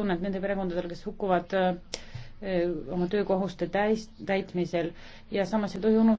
kaastunnet nende perekondadel, kes hukkuvad oma töökohuste täis, täitmisel ja samas ei tohi unustada